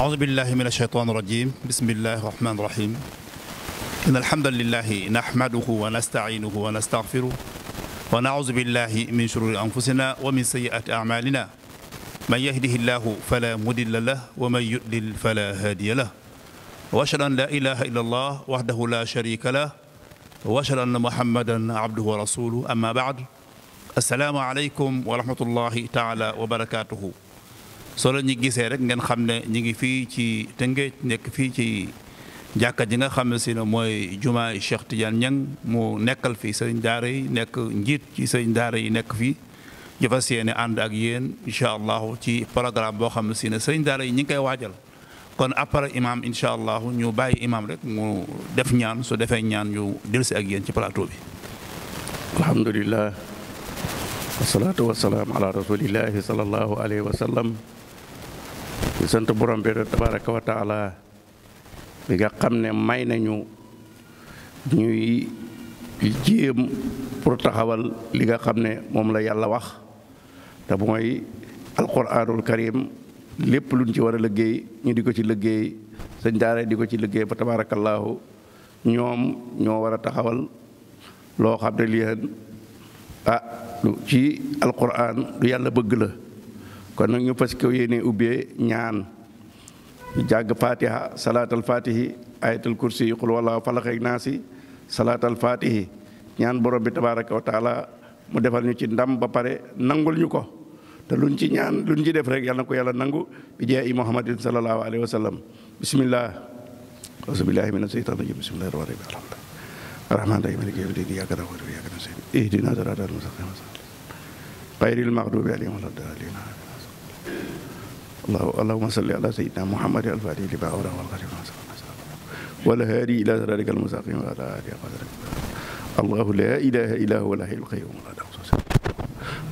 أعوذ بالله من الشيطان الرجيم بسم الله الرحمن الرحيم إن الحمد لله نحمده ونستعينه ونستغفره ونعوذ بالله من شرور أنفسنا ومن سيئات أعمالنا من يهده الله فلا مضل له ومن يضلل فلا هادي له وأشهد أن لا إله إلا الله وحده لا شريك له وأشهد أن محمدا عبده ورسوله أما بعد السلام عليكم ورحمة الله تعالى وبركاته solo leen ñu gisee rek ngeen xam ne ñu ngi fii ci Tëngéej nekk fii ci jàkka ji nga xam ne si ne mooy jumaa Cheikh Tidiane Niang mu nekkal fii sëriñ daara yi nekk njiit ci sëriñ daara yi nekk fii ñu fas yéene ànd ak yéen incha allahu ci programme boo xam ne si ne sëriñ daara yi ñu ngi koy waajal kon après imam incha allah ñu bàyyi imaam rek mu def ñaan su defee ñaan ñu delsi ak yéen ci plateau bi alhamdulilah wasalaatu wasalaam ala rasulillahi sallallahu alayhi wa sallam di sant borom bi tabaraka wa taala bi nga xam ne may nañu ñuy jéem pour taxawal li nga xam ne moom la yàlla wax te mooy alquranul karim lépp luñ ci war a liggéey ñu di ko ci liggéey sëñ daara di ko ci liggéey ba tabaarakallaahu ñoom ñoo war a taxawal loo xam ne lii ah ci alquran du yàlla bëgg la kon nag ñu fas ko yéene ubbee ñaan jàgg fatiha salaatal fatihi ayatul kursi xul wallaahu falaq ak naasi salaatal fatihi ñaan borom bi tabaaraka wa taala mu defal ñu ci ndam ba pare nangul ñu ko te luñ ci ñaan luñ ci def rek yàlla ko yàlla nangu bi jeex i muhammadin sallallahu alayhi wa sallam bismillah auzu billahi mina shaytaani rajiim bismillahi rahmaani allahumma salli ala sayyidina muhammadin al-fatihi lima ughliqa wal khatimi lima sabaqa wal haadi ila siraatika al-mustaqiim wa ala aalihi haqqa qadrihi allahu laa ilaaha illaa huwa al-hayyul qayyuum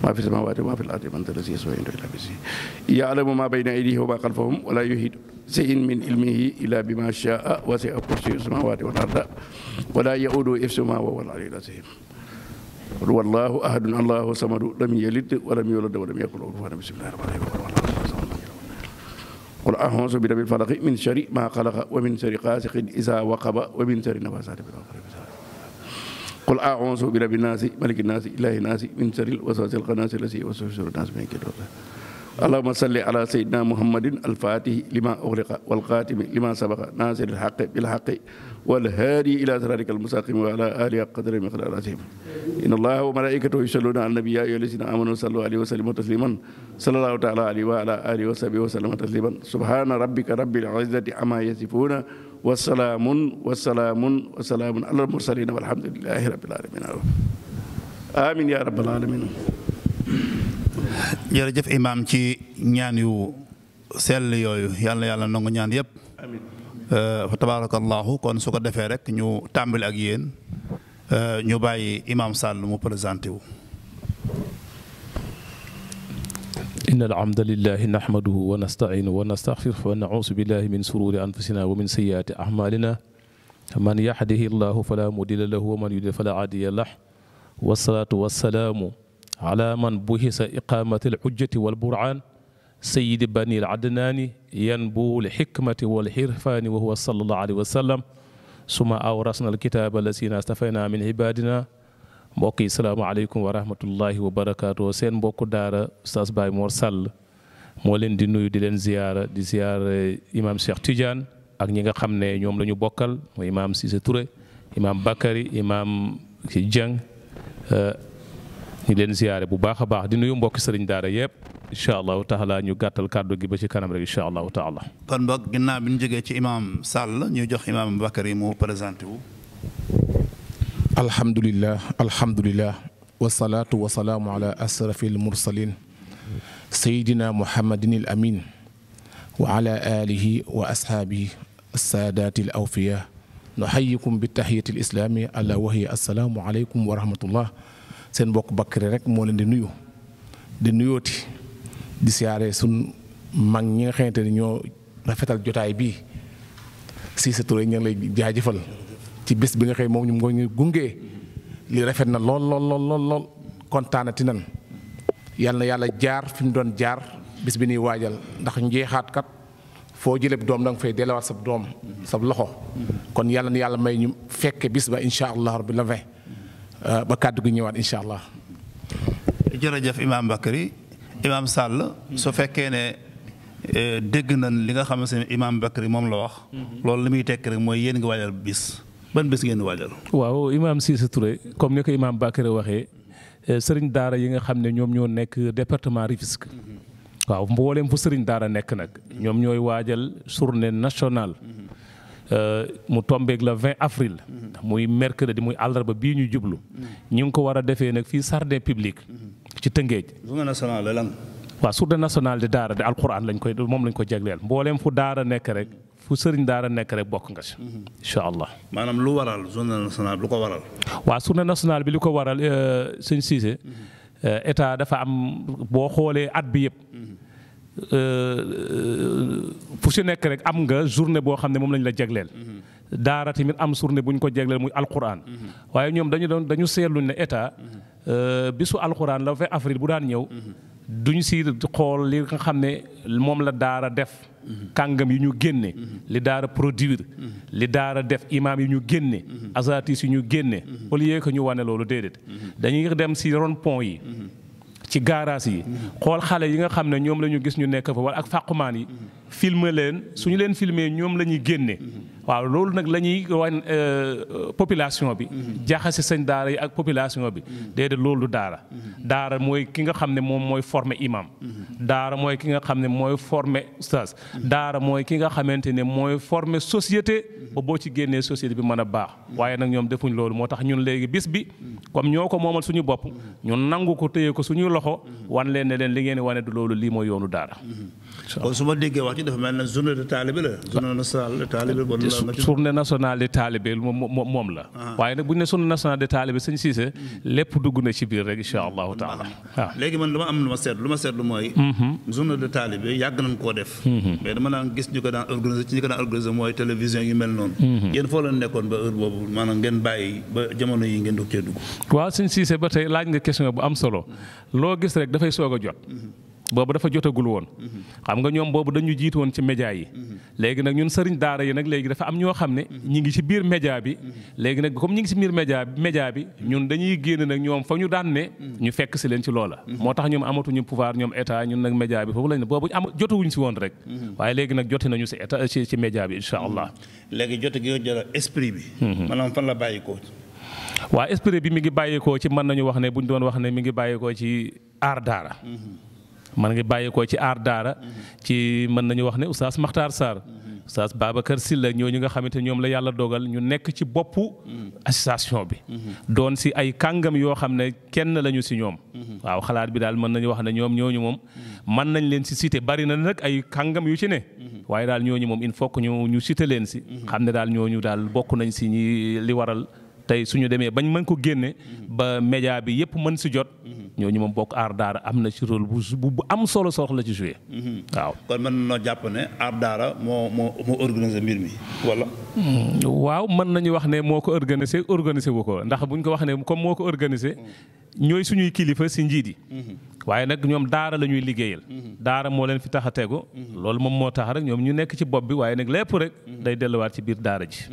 maa fi samaawaati wa maa fil ardi man dhaa allazii yashfa'u 'indahu illaa bi'iznihii ya'lamu maa bayna aydiihim wa maa khalfahum wa laa yuhiituuna bi shay'in min 'ilmihi illaa bimaa shaa'a wasi'a kursiyyuhu samaawaati wal arda wa laa yaa'uuduhu hifzuhumaa wa huwa al-'aliyyul 'aziim wallaahu ahadun allaahu samad lam yalid wa lam yuulad wa lam yakun lahu kufuwan ahad bismillaahi rahmaani rahiim qul a'uuzu bi rabbil falaq min sharri maa xalaqa wa min sharri gaasiqin izaa waqaba wa min sharri nafaasaati fil uqad qul a'uuzu bi rabbin naasi malikin naasi ilaahin naasi min sharril waswaasil xannaasi lazii yuwaswisu fi suduurin naas min allahumma salli ala sayyidina muhammadin al-faatihi limaa ughliqa wal xaatimi limaa sabaqa naasiril haqqi bil haqqi والهادي إلى صراطك المستقيم وعلى آله قدر مقدار العظيم إن الله وملائكته يصلون على النبي يا أيها الذين آمنوا صلوا عليه وسلموا تسليما صلى الله تعالى عليه وعلى آله وصحبه وسلم تسليما سبحان ربك رب العزة عما يصفون والسلام والسلام والسلام على المرسلين والحمد لله رب العالمين آمين يا رب العالمين jërëjëf imaam ci ñaan yu sell yooyu yàlla yàlla nangu ñaan yépp amiin fa tabaarakallaahu kon su ko defee rek ñu tàmbali ak yéen ñu bàyyi imaam Sall mu présenté wu. إن الحمد لله نحمده ونستعينه ونستغفره ونعوذ بالله من سرور أنفسنا ومن سيئات أعمالنا من يهده الله فلا مضل له ومن يضلل فلا هادي له والصلاة والسلام على من بعث إقامة الحجة والبرهان sayidi bani adnaani yanbu li xikmati wal xirfaani wa huwa sallallahu alayhi wa sallam suma awrasna alkitaaba lasina stafayna min ibadina mbokk yi salaamaaleykum wa rahmatullahi wa barakaatu seen mbokku daara Oustaz Baye Mor Sall moo leen di nuyu di leen ziyaara di ziyaara imaam ak ñi nga xam ne ñoom la ñu bokkal mooy imaam Cissé Touré imaam Bakary imaam di leen ziyaare bu baax a baax di nuyu mbokki sëriñ daara yëpp incha allahu taala ñu gàttal kàddu gi ba ci kanam rek incha allahu taala. kon mbokk ginnaaw bi ñu jógee ci imaam Sall ñu jox imaam Bakary mu présenté wu. alhamdulilah alhamdulilah wasalaatu wasalaamu ala asrafil mursalin sayidina muhammadin al amin wa ala alihi wa ashaabihi saadaati al awfiya nuxayikum bi taxiyati al islaami ala waxi assalaamu aleykum wa rahmatullah seen mbokk Bakary rek moo leen di nuyu di nuyooti di siyaare sun mag ñi nga xamante ni ñoo rafetal jotaay bii Cissé Touré ñu ngi lay jaajëfal ci bis bi nga xëy moom ñu ngi ñu gunge li rafet na lool lool lool lool kontaanati nan yal na yàlla jaar fi mu doon jaar bis bi nuy waajal ndax njeexaat kat foo jëlee doom da nga fay delluwaat sab doom sab loxo kon yàlla na yàlla may ñu fekke bis ba incha allah rabbi la vingt ba kàddu gi ñëwaat incha allah. jërëjëf imaam Bakary imaam Sall. su fekkee ne e, dégg na li nga xamante ne imaam Bakary moom la wax. Mhm. loolu li muy tekk rek mooy yéen nga waajal bis ban bis ngeen waajal. waaw imaam Cissé Touré comme ni ko imaam Bakary waxee e, sëriñ daara yi nga xam ne ñoom ñoo nekk département Rufisque. Mhm. waaw mbooleem fu sëriñ daara nekk nag. ñoom ñooy waajal journée nationale. Mhm. Euh, mu tombeeg le 20 avril. muy mercredi muy àllarba bii ñu jublu. ñu ngi ko war a defee nag fii jardin public. ci Tëngéej. journée nationale la lan. waaw journée nationale de daara de alquran lañ koy moom lañ ko jagleel mbooleem fu daara nekk rek fu sëriñ daara nekk rek bokk nga si. incha allah. maanaam lu waral journée nationale lu ko waral. waaw journée nationale bi li ko waral euh, sëñ Cissé euh, état dafa am boo xoolee at bi yëpp. Euh, euh, fu si nekk rek am nga journée boo xam ne moom lañ la jegleel mhm. daara tamit am journée bu ñu ko jagleel muy alquran. Mhm. waaye ñoom dañu doon dañu seetlu ne état mhm. euh, bisu alquran la vingt avril bu daan ñëw. duñ si xool li nga xam ne moom la daara def. kàngam yi ñu génne. li daara produire. li daara def imaam yi ñu génne. asatis yi ñu génne. au lieu que ñu wane loolu déedéet. dañuy dem si rond-point yi. ci gaaraas yi xool xale yi nga xam ne ñoom la ñu gis ñu nekk fa wala ak fàqumaan yi mm-hmm. filmer leen suñu leen filmer ñoom la ñuy génne mm-hmm. waaw loolu nag la ñuy wan euh, population bi. Mhm. jaxase sëñ daara yi ak population bi. Mhm. déedéet loolu du daara. Mhm. daara mooy ki nga xam ne moom mooy former imaam daara mooy ki nga xam ne mooy former ustaas. daara mooy ki nga xamante ne mooy former société. ba boo ci génnee société bi mën a baax. waaye nag ñoom defuñ loolu moo tax ñun léegi bis bi. comme ñoo ko moomal suñu bopp. ñu nangu ko téye ko suñuy loxo. wan leen ne leen li ngeen wane du loolu lii mooy yoonu daara. kon su ma déggee wax ci dafa mel ne journée de taalibe la. journée nationale de taalibe moom la. Ah. waaye bu ñu ne journée nationale de taalibe sëñ Cissé lépp dugg na ci biir rek incha allahu taala. waaw ah. léegi man dama am lu ma seetlu lu ma seetlu mooy. Mm-hmm. journée de taalibe yàgg nañ koo def. Mm-hmm. mais dama daan gis ñu ko daan organiser ci ñu ko daan organiser mooy télévision yu mel noonu. Mm-hmm. yéen foo nekkoon ba heure boobu maanaam ngeen bàyyi ba jamono yi ngeen dugg. waaw a boobu dafa jotagul woon. Mm-hmm. xam nga ñoom boobu dañu jiitu woon ci média yi. Mm-hmm. léegi nag ñun sëriñ daara yi nag léegi dafa am ñoo xam ne. Mm-hmm. ñi ngi ci biir média bi. léegi nag comme ñi ngi ci biir média média bi ñun dañuy génn nag ñoom fa ñu daan ne. ñu fekk si leen ci loola. moo tax ñoom amatuñu pouvoir ñoom état ñun nag média bi foofu lañ ne boobu am jotawuñ si woon rek. waaye léegi nag jote nañu si état ci ci bi incha allah. léegi jot gi nga esprit bi. maanaam fan la bàyyi ko. waa esprit bi mi ngi bàyyeekoo ci mën nañu wax ne buñ doon wax ne mi ngi bàyyeekoo ci aar daara man ngi bàyyi ko ci aar daara mm-hmm. ci mën nañu wax ne oustaz Makhtar Sarr mm-hmm. oustaz Babacar Sylla ñooñu nga xamante ñoom la yàlla dogal ñu nekk ci boppu mm-hmm. association bi doon si ay kàngam yoo xam ne kenn lañu si ñoom xalaat bi daal mën nañu wax ne ñoom ñooñu moom mën nañ leen si cité bari na nag ay kàngam yu ci ne waaye daal ñooñu moom il faut que ñu ñu cité leen si xam ne daal ñooñu daal bokk nañ si ñi li waral tey suñu demee bañ mën ko génne ba média bi yëpp mën si jot ñooñu moom bokk aar daara am na ci rôle bu bu am solo sox la ci joué. Mhm. waaw kon mën jàpp ne aar daara moo moo moo organisé mbir mi wala. Hmm, waaw mën nañu wax ne moo ko organisé organisé wu ko ndax buñ ko wax ne comme moo ko organisé. ñooy suñuy kilifa si njiit yi. Mhm. waaye nag ñoom daara la ñuy liggéeyal. Mhm. daara moo leen fi tax a tegu. loolu moom moo tax rek ñoom ñu nekk ci bopp bi waaye nag lépp rek. day delluwaat ci biir daara ji.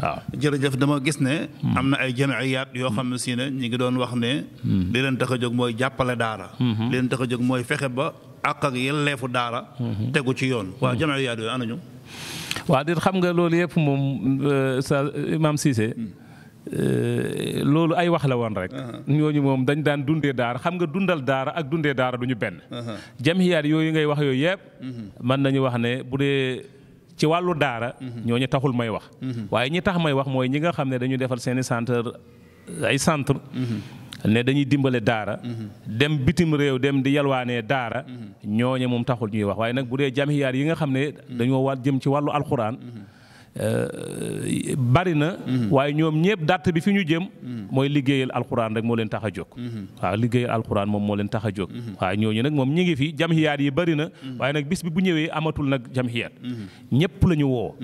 waaw jërëjëf dama gis ne. Hmm. am na ay jamiyaat yoo xam ne si ne ñu ngi doon wax ne. Hmm. li leen tax a jóg mooy jàppale daara. Hmm. leen tax a jóg mooy fexe ba ak ak yelleefu daara. tegu ci yoon waaw jamiyaat yooyu ana ñu. waaw di xam nga loolu yëpp moom euh, sa Imam Cissé euh, loolu ay wax la woon rek. Uh-huh. ñooñu moom dañ daan dundee daara xam nga dundal daara ak dundee daara duñu benn. Uh-huh. jamiyaat yooyu ngay wax yooyu yëpp. mën nañu wax ne bu dee. ci wàllu daara. Mhm. ñooñu taxul may wax. Mhm. waaye ñi tax may wax mooy ñi nga xam ne dañu defal seen i centre ay centre mhm. ne dañuy dimbale daara. dem bitim réew dem di yalwaanee daara. ñooñu moom taxul ñuy wax waaye nag bu dee jamiyaar yi nga xam ne. dañoo war jëm ci wàllu alxuraan. Euh, bari na. Mhm. waaye ñoom ñëpp dàtt bi fi ñu jëm. Mhm. mooy liggéeyal alxuraan rek moo leen tax a jóg. Mhm. waaw liggéeyal alxuraan moom moo leen tax a jóg. waaw ñooñu nag moom ñi ngi fi jamhiyaat yi bari na. waaye nag bis bi bu ñëwee amatul nag jamhiyaat. ñëpp lañu ñu woo.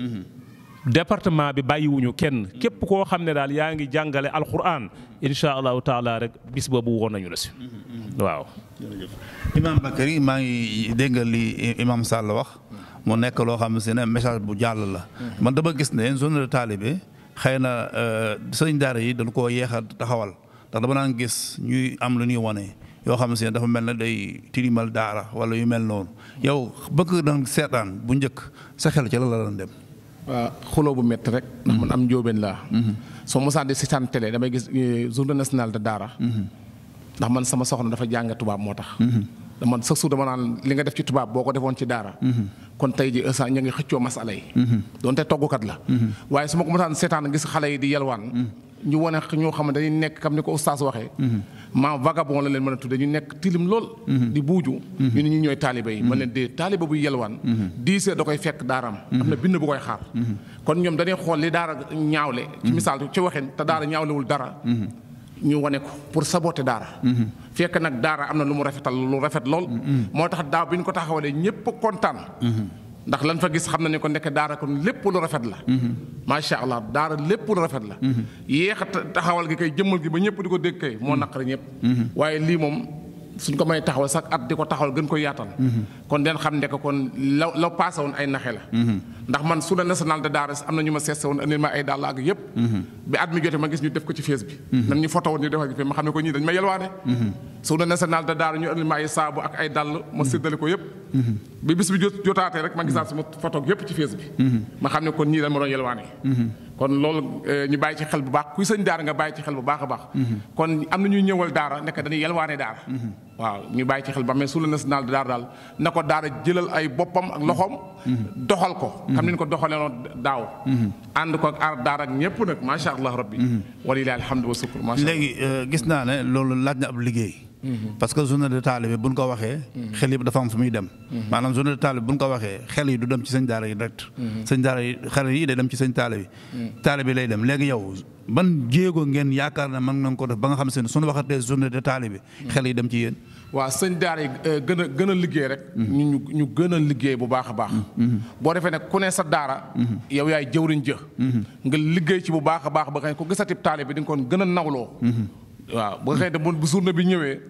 département bi bàyyiwuñu kenn képp koo xam ne daal yaa ngi jàngale alxuraan incha allahu taala rek bis boobu woon nañu la si. waaw. jërëjëf Imaam Bakary maa ngi déggal li Imaam Sall wax. mu nekk loo xam si ne message bu jàll la man dama gis ne zone de taalibe xëy na euh, sëñ daar yi dañ koo yeex taxawal ndax dama naan gis ñuy am lu ñuy wane yoo xam si ne dafa mel na day tilimal daara wala yu mel noonu yow bëgg na seetaan bu njëkk sa xel ci la la doon dem waaw xuloo bu métti rek mm-hmm. ndax man am njóobeen laa mm-hmm. soo mosaan di seetaan télé damay gis euh, journée nationale de daara mm-hmm. ndax man sama soxna dafa jàng tubaab moo tax man sax su dama naan li nga def ci tubaab boo ko defoon ci daara. kon tey ji instant ñu ngi xëccoo masala yi. donte toggukat la. waaye su ma ko mosaan seetaan gis xale yi di yalwaan. ñu wane ñoo xam ne dañuy nekk comme ko oustaz waxee. maam vagabond la leen mën a ñu nekk tilim lool. di buuju. ñu ne ñu ñooy taaliba yi. man leen de taaliba buy yelwaan. diisee da koy fekk daaraam. am na bind bu koy xaar. kon ñoom dañuy xool li daara ñaawle. ci misaal ci waxin te daara ñaawlewul dara. ñu wane ko pour saboter daara. Mhm. fekk nag daara am na lu mu rafetal lu rafet lool. Mhm. moo tax daaw bi ñu ko taxawalee ñëpp kontaan. Mhm. ndax lan fa gis xam na ne ko nekk daara kon lépp lu rafet la. macha allah daara lépp lu rafet la. yéex a taxawal gi kay jëmmal gi ba ñëpp di ko dégg kay moo naqari ñëpp. waaye lii moom. suñ ko mënee taxawal sax at di ko taxawal gën ko yaatal. kon den xam ne kon la la paase woon ay naxe la. ndax man su la national de Daara am na ñu ma seese woon indi ma ay dàll ak gis ñu def ko ci face bi. nan ñu photo woon ñu ko ci ma xam ne ko ñii dañ ma yelwaane. su la xam ne kon ma doon yelwaane. kon loolu eh, ñu bàyyi ci xel bu baax kuy sëñ daara nga bàyyi ci xel bu baax a baax. kon am na ñuy ñëwal daara nekk dañuy yalwaane daara. waaw ñu bàyyi ci xel ba mais suñu national de daara daal na ko daara jëlal ay boppam ak loxoom. doxal ko. xam nañ ko doxalee noonu daaw. ànd ko ak aar daara ak ñëpp nag macha allah rabbi. walilahi alhamdu wa sukur macha allah léegi eh, gis naa ne loolu laaj na ab liggéey. Mm-hmm. parce que journée de taalibe bi buñ ko waxee mm-hmm. xel yi dafa am fu muy dem mm-hmm. maanaam journée de taalibe bi buñ ko waxee xel yi du dem ci sëñ daara yi direct sëñ daara yi xel yi day dem ci sëñ taalibe bi taalibe bi lay dem léegi yow man jéego ngeen yaakaar na man nga ko def ba nga xam se ne suñu waxatee journée de taalibe bi xel yi dem ci yéen waaw sëñ daara yi euh, gën a liggéey rek ñu ñu gën a liggéey bu baax a baax boo defee ne ku ne sa daara yow yaay jëwriñ jë nga liggéey ci bu baax a baax ba nga ko gisatib taalibe bi di ko gën a nawloo waaw ba nga xëy ne bu bu journée bi ñëwee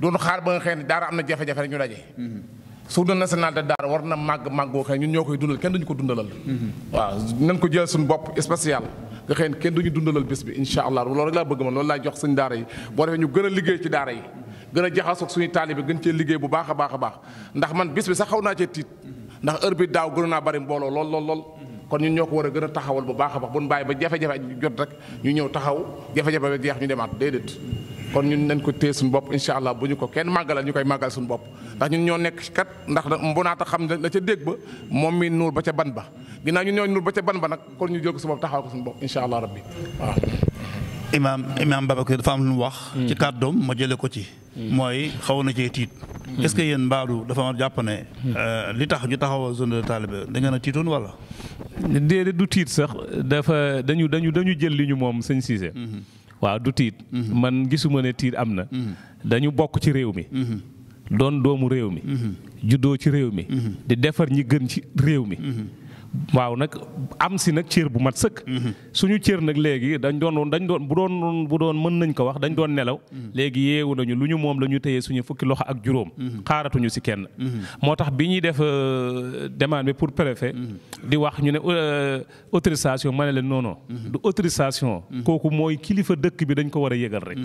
doon xaar ba nga xëy ne daara am na jafe-jafe rek ñu daje. Mm-hmm. na nationale de daara war na màgg màgg boo xëy ñun ñoo koy dundal kenn dañu ko dundalal. Mm-hmm. waa nañ ko jël suñu bopp spécial. nga xëy kenn duñu dundalal bés bi incha allah loolu rek laa bëgg ma loolu laay jox suñu daara yi boo defee ñu gën a liggéey ci daara yi. gën a jaxasoo ak suñu taalibe gën cee liggéey bu baax a baax a baax ndax man bis bi sax xaw naa cee mm-hmm. ndax heure bi daaw gën naa bari mbooloo lool lool kon ñun ñoo ko war a gën a taxawal bu baax a baax bu ñu bàyyi ba jafe-jafe jot rek ñu ñëw taxaw jafe-jafe ba jeex ñu demaat déedéet kon ñun nañ ko téye suñu bopp incha allah bu ñu ko kenn màggalal ñu koy màggal suñu bopp ndax ñun ñoo nekk kat ndax bu naata xam ne la ca dégg ba moom mi nuur ba ca ban ba ginnaaw ñu ñoo nuur ba ca ban ba nag kon ñu jóg su bopp taxaw ko suñu bopp incha allah rabbi waaw. imaam imaam Babacar dafa am lu mu wax. ci kàddoom ma jëlee ko ci. mooy xaw na cee tiit. Mm-hmm. est-ce que yéen mbaadu dafa war jàpp ne. Mm-hmm. Euh, li tax ñu taxawal zone de talibé da ngeen a tiitoon wala. déedéet du tiit sax dafa dañu dañu dañu jël li ñu moom sëñ Cissé. Mm-hmm. waaw du tiit. man gisuma ne tiit am na. dañu bokk ci réew mi. doon doomu réew mi. juddoo ci réew mi. di defar ñi gën ci réew mi. waaw nag am si nag cër bu mat sëkk. Mhm. suñu cër nag léegi dañ doon dañ doon bu doon bu doon mën nañ ko wax dañ doon nelaw. Mhm. léegi yeewu nañu lu ñu moom la ñu téye fukki loxo ak juróom. Mhm. xaaratuñu si kenn. moo tax bi ñuy def euh, demande bi pour préfet. di wax ñu ne euh, autorisation ma ne leen non non. du kooku mooy kilifa dëkk bi dañ ko war a yëgal rek.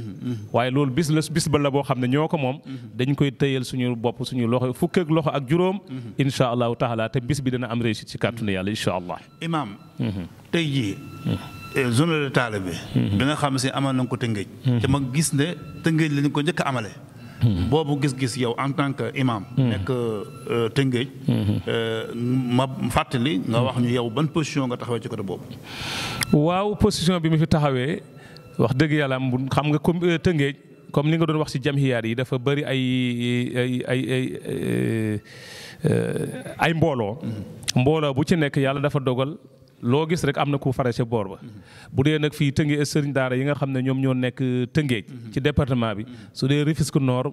waaye loolu bis la bis ba la boo xam ne ñoo ko moom. dañ koy téyel suñu bopp suñu loxo fukki ak loxo ak juróom. incha allahu taala te bis bi dina am réussite ci kàttanu yàlla incha allah. imaam. Mhm. tey jii. Mhm. Eh, zone de taalibe bi mhm. nga xam si amal nañ ko Tëngéej. te ma gis ne Tëngéej lañ ko njëkk a amale. boobu gis-gis yow en tant que imam. nekk euh, Tëngéej. Euh, ma fàttali nga wax ñu ba ban position nga taxawee ci côté boobu. waaw position bi mu fi taxawee wax dëgg yàlla xam nga comme euh, Tëngéej. comme li nga doon wax ci jamhiyaar yi dafa bari ay ay ay mbooloo. Mm-hmm. mbooloo bu ci nekk yàlla dafa dogal loo gis rek am na ku fare boor ba. Mm-hmm. bu dee nag fii tëngee sëriñ daara yi nga xam ne ñoom ñoo nekk tëngéej mm-hmm. ci département bi su dee Rufisque noor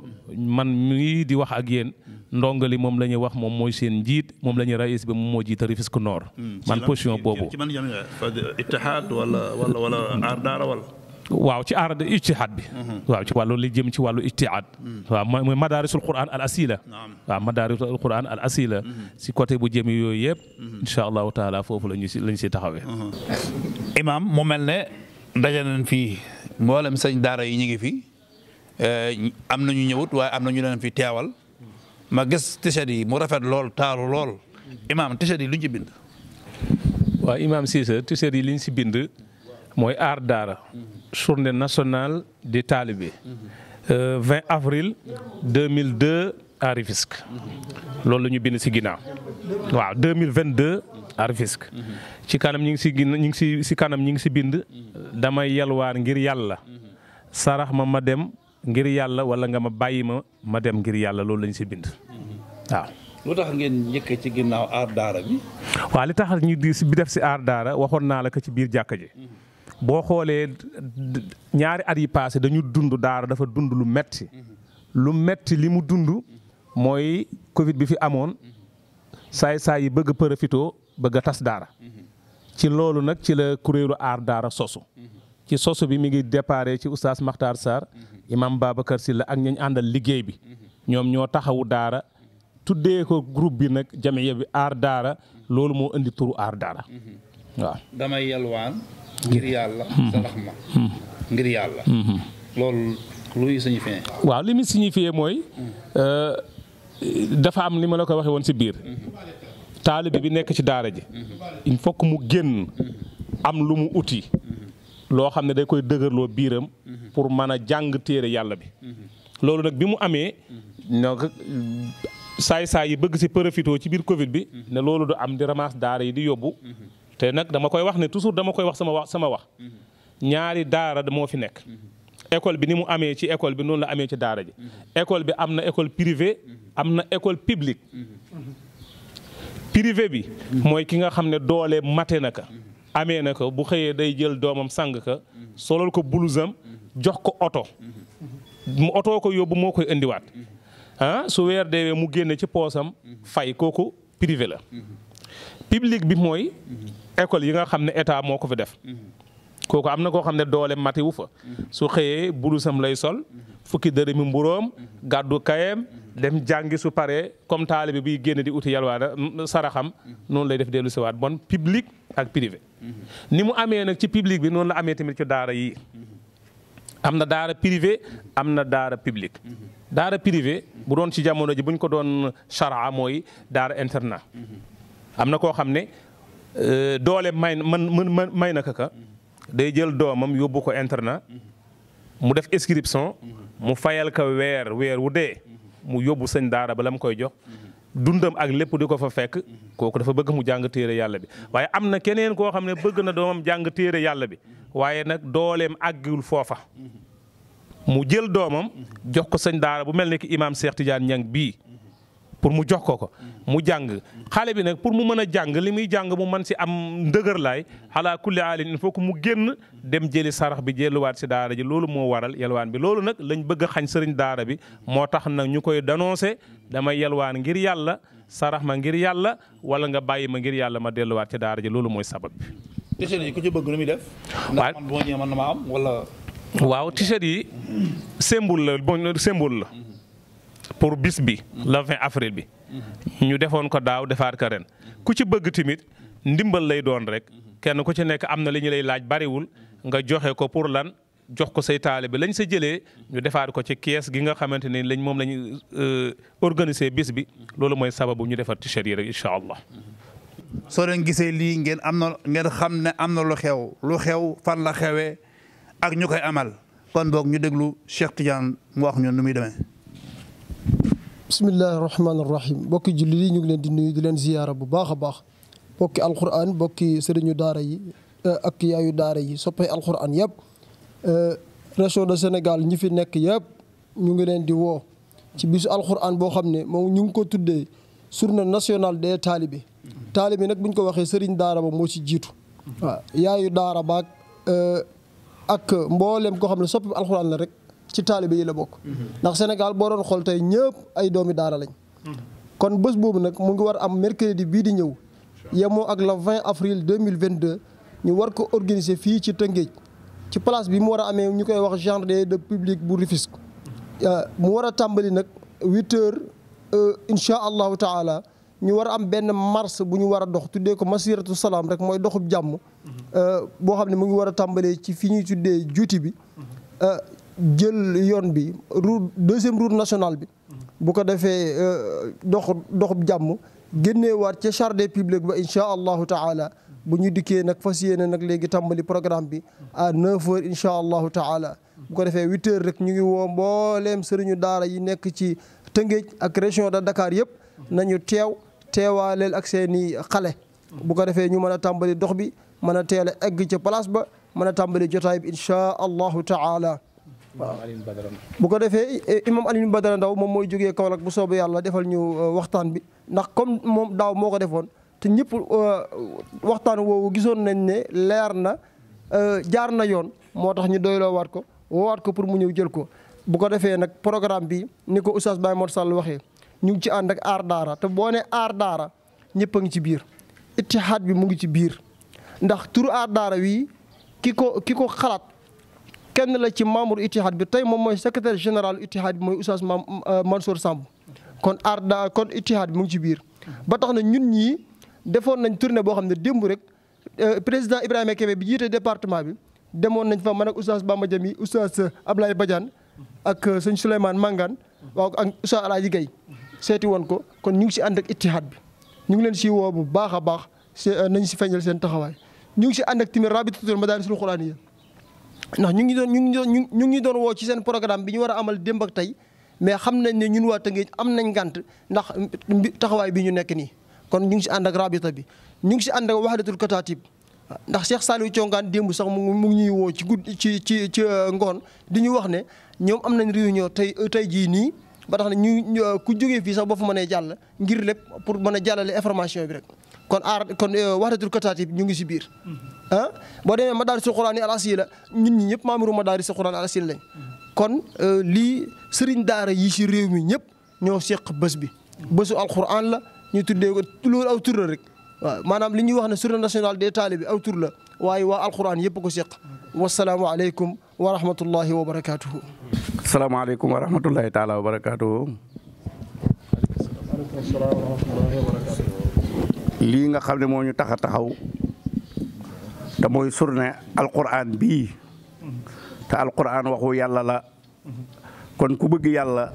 man mii di wax ak yéen. ndongo li moom la ñuy wax moom mooy seen njiit moom la ñuy rais bi moom moo jiite Rufisque noor man position boobu ci wala wala wala waaw ci aarad ijtihaad bi mhm. waaw ci wàllu li jëm ci wàllu ijtihaad mhm. waaw mooy madaarisul quran al asila waaw madaarisul quran si mhm. côté bu jëm yooyu yëpp insha allahu taala foofu lañu si lañ si taxawee imaam mu mel ne daje nañ fii mboolem sëñ daara yi ñu ngi fi eh, am nañu ñëwut waaye am na nañu leen fi teewal ma gis t yi mu rafet lool taaru lool imaam t-shirt yi luñ ci bind waaw imaam Cissé t-shirt yi liñ si bind mooy aar daara journée nationale des talibés 20 euh, avril 2002 à Rufisque loolu la bind si ginnaaw waaw 2022 à Rufisque ci kanam ñi ngi si gin ñi ngi si si kanam ñi ngi si bind damay yalwaar ngir yàlla sarax ma ma dem ngir yàlla wala nga ma bàyyi ma ma dem ngir yàlla loolu la si bind waaw lu tax ngeen njëkkee ci ginnaaw aar daara bi waaw li tax ñu di def si aar daara waxoon naa la ko ci biir jàkka ji boo xoolee ñaari at yi passé dañu dund daara dafa dund lu metti lu metti li mu dund mooy Covid bi fi amoon saay-saay yi bëgg profitoo bëgg a tas daara ci loolu nag ci la kuréelu aar daara sosu ci sosu bi mu ngi déparé ci oustaz Makhtar Sarr imam Babacar Sylla ak ñañ àndal liggéey bi ñoom ñoo taxawu daara tuddee ko groupe bi nag jamiya bi aar daara loolu moo indi turu aar daara waaw ngir yàlla hmm. sa raxma hmm. ngir yàlla hmm. loolu luy signifié waaw li muy mooy euh, dafa am li ma la ko waxee woon si biir taalibe bi nekk ci daara ji il faut que mu génn am lu mu uti loo xam ne day koy dëgërloo biiram pour mën a jàng téere yàlla bi loolu nag bi mu amee saay-saay yi bëgg si profitoo ci biir covid bi ne loolu du am di ramasse daara yi di yóbbu te nag dama koy wax ne toujours dama koy wax sama wax sama wax mhm. ñaari daara moo fi nekk mhm. école bi ni mu amee ci école bi noonu la amee ci daara ji mhm. école bi am na école privée am na école publique privé bi mooy ki nga xam ne doole mate na ka amee na ko bu xëyee day jël doomam sàng ka solol ko blousam jox ko oto mu oto ko yóbbu moo koy indiwaat ah su weer deewee mu génne ci poosam fay kooku privé la public bi mooy école yi nga xam ne état moo ko fi def kooku am na koo xam ne doole mati wu fa su xëyee bulusam lay sol fukki dërëmi mburóom gàddu kayem dem jàngi su pare comme taalibe bi génn di uti yalwaana saraxam noonu lay def dellu siwaat bon public ak privé ni mu amee nag ci public bi noonu la amee tamit ci daara yi am na daara privé am na daara public daara privé bu doon ci jamono ji buñ ko doon chara mooy daara internat am na koo xam ne euh, doole may man man may na kaka day jël doomam yóbbu ko internat mu def inscription mu fayal ka weer weer wu dee mu yóbbu sëñ daara ba la mu koy jox dundam ak lépp di ko fa fekk kooku dafa bëgg mu jàng téere yàlla bi waaye am na keneen koo xam ne bëgg na doomam jàng téere yàlla bi waaye nag dooleem àggiwul foofa mu jël doomam jox ko sëñ daara bu mel ni ki imaam Cheikh Tidiane Niang bii pour mu jox ko ko mu jàng xale bi nag pour mu mën a jàng li muy jàng mu man si am ndëgër laay ala kulli aalin il faut que mu génn dem jëli sarax bi jëluwaat si daara ji loolu moo waral yalwaan bi loolu nag lañ bëgg a xañ sëriñ daara bi moo tax na ñu koy dénoncé dama yalwaan ngir yàlla sarax ma ngir yàlla wala nga bàyyi ma ngir yàlla ma delluwaat ci daara ji loolu mooy sabab bi. t-shirt yi ku ci bëgg lu muy def. ndax man boo ñëwee man na ma am wala. waaw t-shirt yi symbole la bon symbole la. pour bis bi le 20 avril bi ñu defoon ko daaw defaat ko ren ku ci bëgg tamit ndimbal lay doon rek kenn ku ci nekk am na li ñu lay laaj bariwul nga joxe ko pour lan jox ko say taale bi lañ sa jëlee ñu defaat ko ci kees gi nga xamante ni lañ moom lañu euh, organiser bis bi loolu mooy sababu ñu defar t-shirt yi rek incha allah. soo leen gisee lii ngeen am na ngeen xam ne am na lu xew lu xew fan la xewee ak ñu koy amal kon boog ñu déglu Cheikh Tidiane mu wax ñun nu muy demee. bismillahi rahmaani rahim mbokki julli yi ñu ngi leen di nuy di leen ziyaara bu baax a baax mbokki alquran mbokki sëriñu daara yi eh, ak yaayu daara yi soppay alquran yëpp eh, région de Sénégal ñi fi nekk yëpp ñu ngi leen di woo ci bisu alquran boo xam ne moom ñu ngi ko tuddee surne national des taalibe taalibe nag bu ñu ko waxee sëriñ daara ba moo ci jiitu waaw yaayu daara baak eh, ak mboolem koo xam ne bi alquran la rek ci taalibe yi la bokk. ndax Sénégal boo doon xool tey ñëpp ay doomi daara lañ. kon bés boobu nag mu ngi war am mercredi bii di ñëw yemoo ak le 20 avril 2022 ñu war ko organiser fii ci Tëngéej ci place bi mu war a amee ñu koy wax jardin de publique bu Rufisque. mu war a tàmbali nag huit heures euh, incha allahu taala ñu war am benn marche bu ñu war a dox tuddee ko masiratu salaam rek mooy doxub jàmm. Euh, boo xam ne mu ngi war a tàmbalee ci fi ñuy tuddee juuti bi. Euh, jël yoon bi route deuxième route nationale bi bu ko defee euh, dox doxub jàmm génneewaat ca jardin public ba incha allahu taala bu ñu dikkee nag fas yéene nag léegi tàmbali programme bi à neuf heures incha allahu taala bu ko defee huit heures rek ñu ngi woo mbooleem sëriñu daara yi nekk ci Tëngéej ak région de Dakar yëpp nañu teew teewaaleel ak seeni xale bu ko defee ñu mën a tàmbali dox bi mën a teele egg ca palace ba mën a tàmbali jotaay bi incha allahu taala waaw bu ko defee eh, imam Alioune Badara Ndaw moom mooy jógee Kaolack bu soobee yàlla defal ñu eh, waxtaan bi ndax comme moom daaw moo ko defoon te ñëpp eh, waxtaan woowu gisoon nañ ne leer na jaar na yoon moo tax ñu doyloo waat ko woowaat ko pour mu ñëw jël ko bu ko defee nag programme bi ni ko Oustaz Baye moo Sall waxee ñu ngi ci ànd ak aar daara te boo nee aar daara ñëpp a ngi ci biir ittihaad bi mu ngi ci biir ndax turu aar daara wii ki ko ki ko xalaat kenn la ci membre Ittihad bi tey moom mooy secrétaire général Ittihad bi mooy Oustaz euh, Mansour Samb kon Arda kon Ittihad bi mu ngi ci biir. ba tax na ñun ñii defoon nañ tournée boo xam ne démb rek euh, président Ibrahima Kébé bi jiite département bi demoon nañ fa man ak Oustaz Bamba Diamy Oustaz Ablaye Badiane ak euh, sëñ Souleymane Mangane waaw ak Oustaz Alaaji Gaye seeti woon ko kon ñu ngi si ànd ak Ittihad bi ñu ngi leen si woo bu baax a baax nañ si feeñal seen taxawaay ñu ngi si ànd ak tamit rabitatul madarisul quraaniyya ndax ñu ngi doon ñu ngi doon ñu ngi doon woo ci seen programme bi ñu war a amal démb ak tey mais xam nañ ne ñun waa Tëngéej am nañ ngànt ndax taxawaay bi ñu nekk nii kon ñu ngi si ànd ak rabita bi ñu ngi si ànd ak waxdatul kataatib ndax Cheikh Saliou Thiongaan démb sax mu ngi ñuy woo ci guddi ci ci ci euh, ngoon di ñu wax ne ñoom am nañ réunion tey euh, tey jii nii ba tax na ñu euh, ku jógee fii sax boo fa mënee jàll ngir lépp pour mën a jàllale information bi rek kon aar kon euh, waxdatul kataatib ñu ngi si biir ah boo demee madaarisul quraan yi al asila ñun ñi ñëpp maamiru madaarisul quraan al asila lañ kon euh, lii sëriñ daara yi si réew mi ñëpp ñoo seq bés bi bésu alquran la ñu tuddee ko loolu aw tur la rek maanaam li ñuy wax ne national nationale des bi aw tur la waaye waa alquran yëpp ko seq wasalaamaaleykum wa rahmatullahi wa barakaatuhu. wa rahmatullahi wa barakaatuhu. lii nga xam ne moo ñu tax a taxaw te mooy surne alquran bii te alquran waxu yàlla la kon ku bëgg yàlla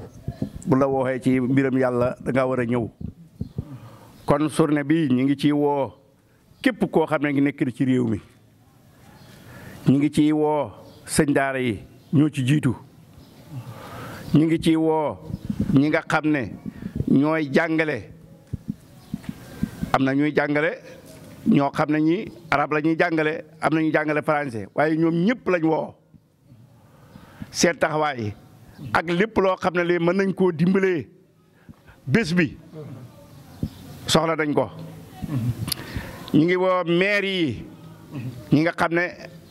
bu la wooxee ci mbiram yàlla da war a ñëw kon surne bii ñu ngi ci woo képp koo xam ne ngi nekk ci réew mi ñu ngi ci woo sëñ yi ñoo ci jiitu ñu ngi ci woo ñi nga xam ne ñooy jàngale am na ñuy jàngale ñoo xam na ñi arab la ñuy jàngale am na ñuy jàngale français waaye ñoom ñëpp lañu woo seen taxawaay ak lépp loo xam ne lii mën nañ koo dimbalee bés bi soxla nañ ko ñu ngi woo maire yi ñi nga xam ne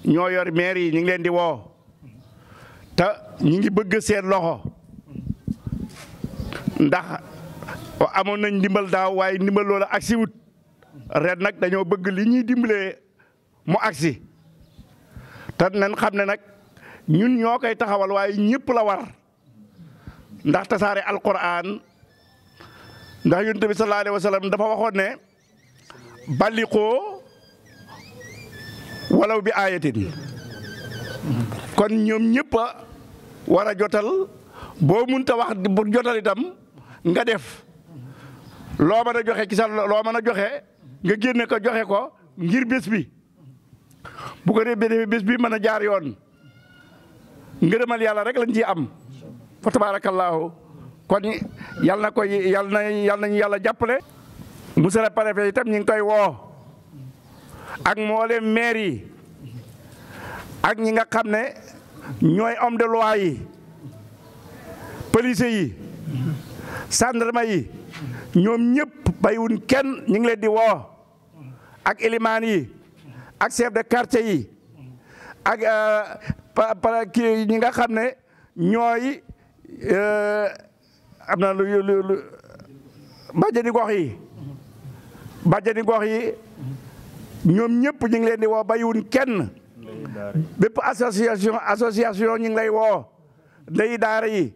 ñoo yor maire yi ñu ngi leen di woo te ñu ngi bëgg seen loxo ndax amoon nañ ndimbal daaw waaye ndimbal loola agsi wut ren nag dañoo bëgg li ñuy dimbalee mu agsi te nañ xam ne nag ñun ñoo koy taxawal waaye ñëpp la war ndax tasaare alquran ndax yonent bi sallallahu alayhi wa dafa waxoon ne balliqoo walaw bi aayatin kon ñoom ñëpp a war a jotal boo munta wax bu jotal itam nga def loo mën joxe ci sa loo mën a joxe nga génne ko joxe ko ngir bés bi bu ko defee bés bi mën a jaar yoon ngërëmal yàlla rek lañ ciy am fa tabaarakallaahu kon yal na koy yal na yal nañu yàlla jàppale. monsieur le préfet itam ñu ngi koy woo ak mboolem maire yi ak ñi nga xam ne ñooy homme de loi yi police yi. sàndarma yi ñoom ñëpp bayiwuñ kenn ñu ngi leen di woo ak ilimaan yi ak chef de quartier yi ak euh, para kii ñi nga xam ne ñooy euh, am na lu gox yi bàjjani gox yi ñoom ñëpp ñu ngi leen di woo bayiwuñ kenn bépp association association ñu ngi lay woo ndeyi daar yi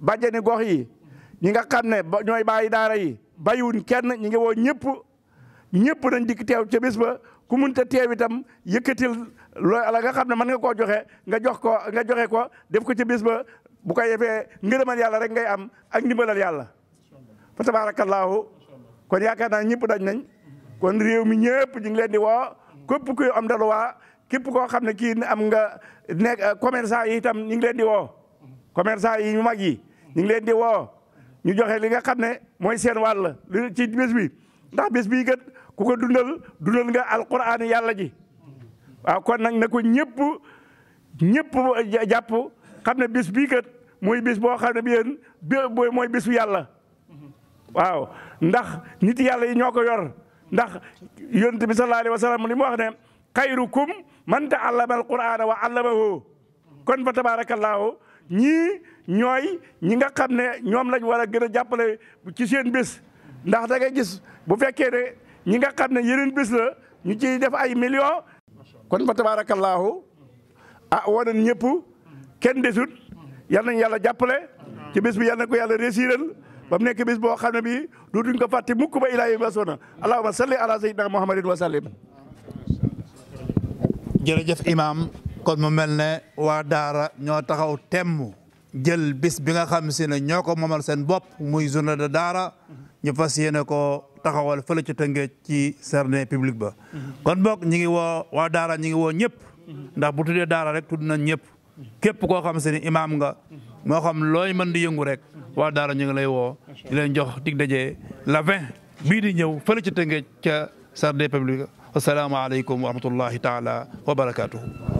bàjjani gox yi ñi nga xam ne ba ñooy bàyyi daara yi bàyyiwuñ kenn ñi ngi woo ñëpp ñëpp nañ dikk teew ca bis ba ku munta teew itam yëkkatil looy ala nga xam ne mën nga koo joxe nga jox ko nga joxe ko def ko ca bis ba bu ko yefee ngërëmal yàlla rek ngay am ak ndimbalal yàlla fa tabaarakallaahu kon yaakaar naa ñëpp dañ nañ kon réew mi ñëpp ñu ngi leen di woo képp kuy am waa képp koo xam ne kii am nga nekk commerçant yi itam ñu ngi leen di woo commerçant yi ñu mag yi ñu ngi leen di woo ñu joxe li nga xam ne mooy seen wàll lu ci bés bi ndax bés bii kat ku ko dundal dundal nga alquran yàlla ji waaw kon nag na ko ñëpp ñëpp jàpp xam ne bis bii kat mooy bis boo xam ne biy yéen mooy bésu yàlla waaw ndax nit yàlla yi ñoo ko yor ndax yonent bi sallallahu alayhi wa sallam li mu wax ne man ta'allama alqur'ana kon fa tabarakallahu ñii ñooy ñi nga xam ne ñoom lañ war a gën a jàppale ci seen bis ndax da ngay gis bu fekkee ne ñi nga xam ne yeneen bés la ñu ciy def ay millions. kon fa tabaarakallaahu ah ñëpp kenn desut yal nañ yàlla jàppale ci bés bi yal na ko yàlla réussiral ba mu nekk bés boo xam ne bii dootuñ ko fàtte mukk ba ilaa yawmi yasuuna allahumma salli ala sayyidina muhammadin wa sallim jërëjëf imaam kon mu mel ne waa daara ñoo taxaw temm jël bis bi nga xam si ne ñoo ko momal seen bopp muy journée de daara ñu fas yéene ko taxawal fële ci Tëngéej ci serne public ba kon boog ñi ngi woo waa daara ñi ngi woo ñëpp ndax bu tuddee daara rek tudd nañ ñëpp képp koo xam si ni imaam nga moo xam looy man di yëngu rek waa daara ñu ngi lay woo di leen jox dig daje la vingt bii di ñëw fële ci Tëngéej ca serne public asalaamaaleykum wa rahmatullahi taala wa barakaatuhu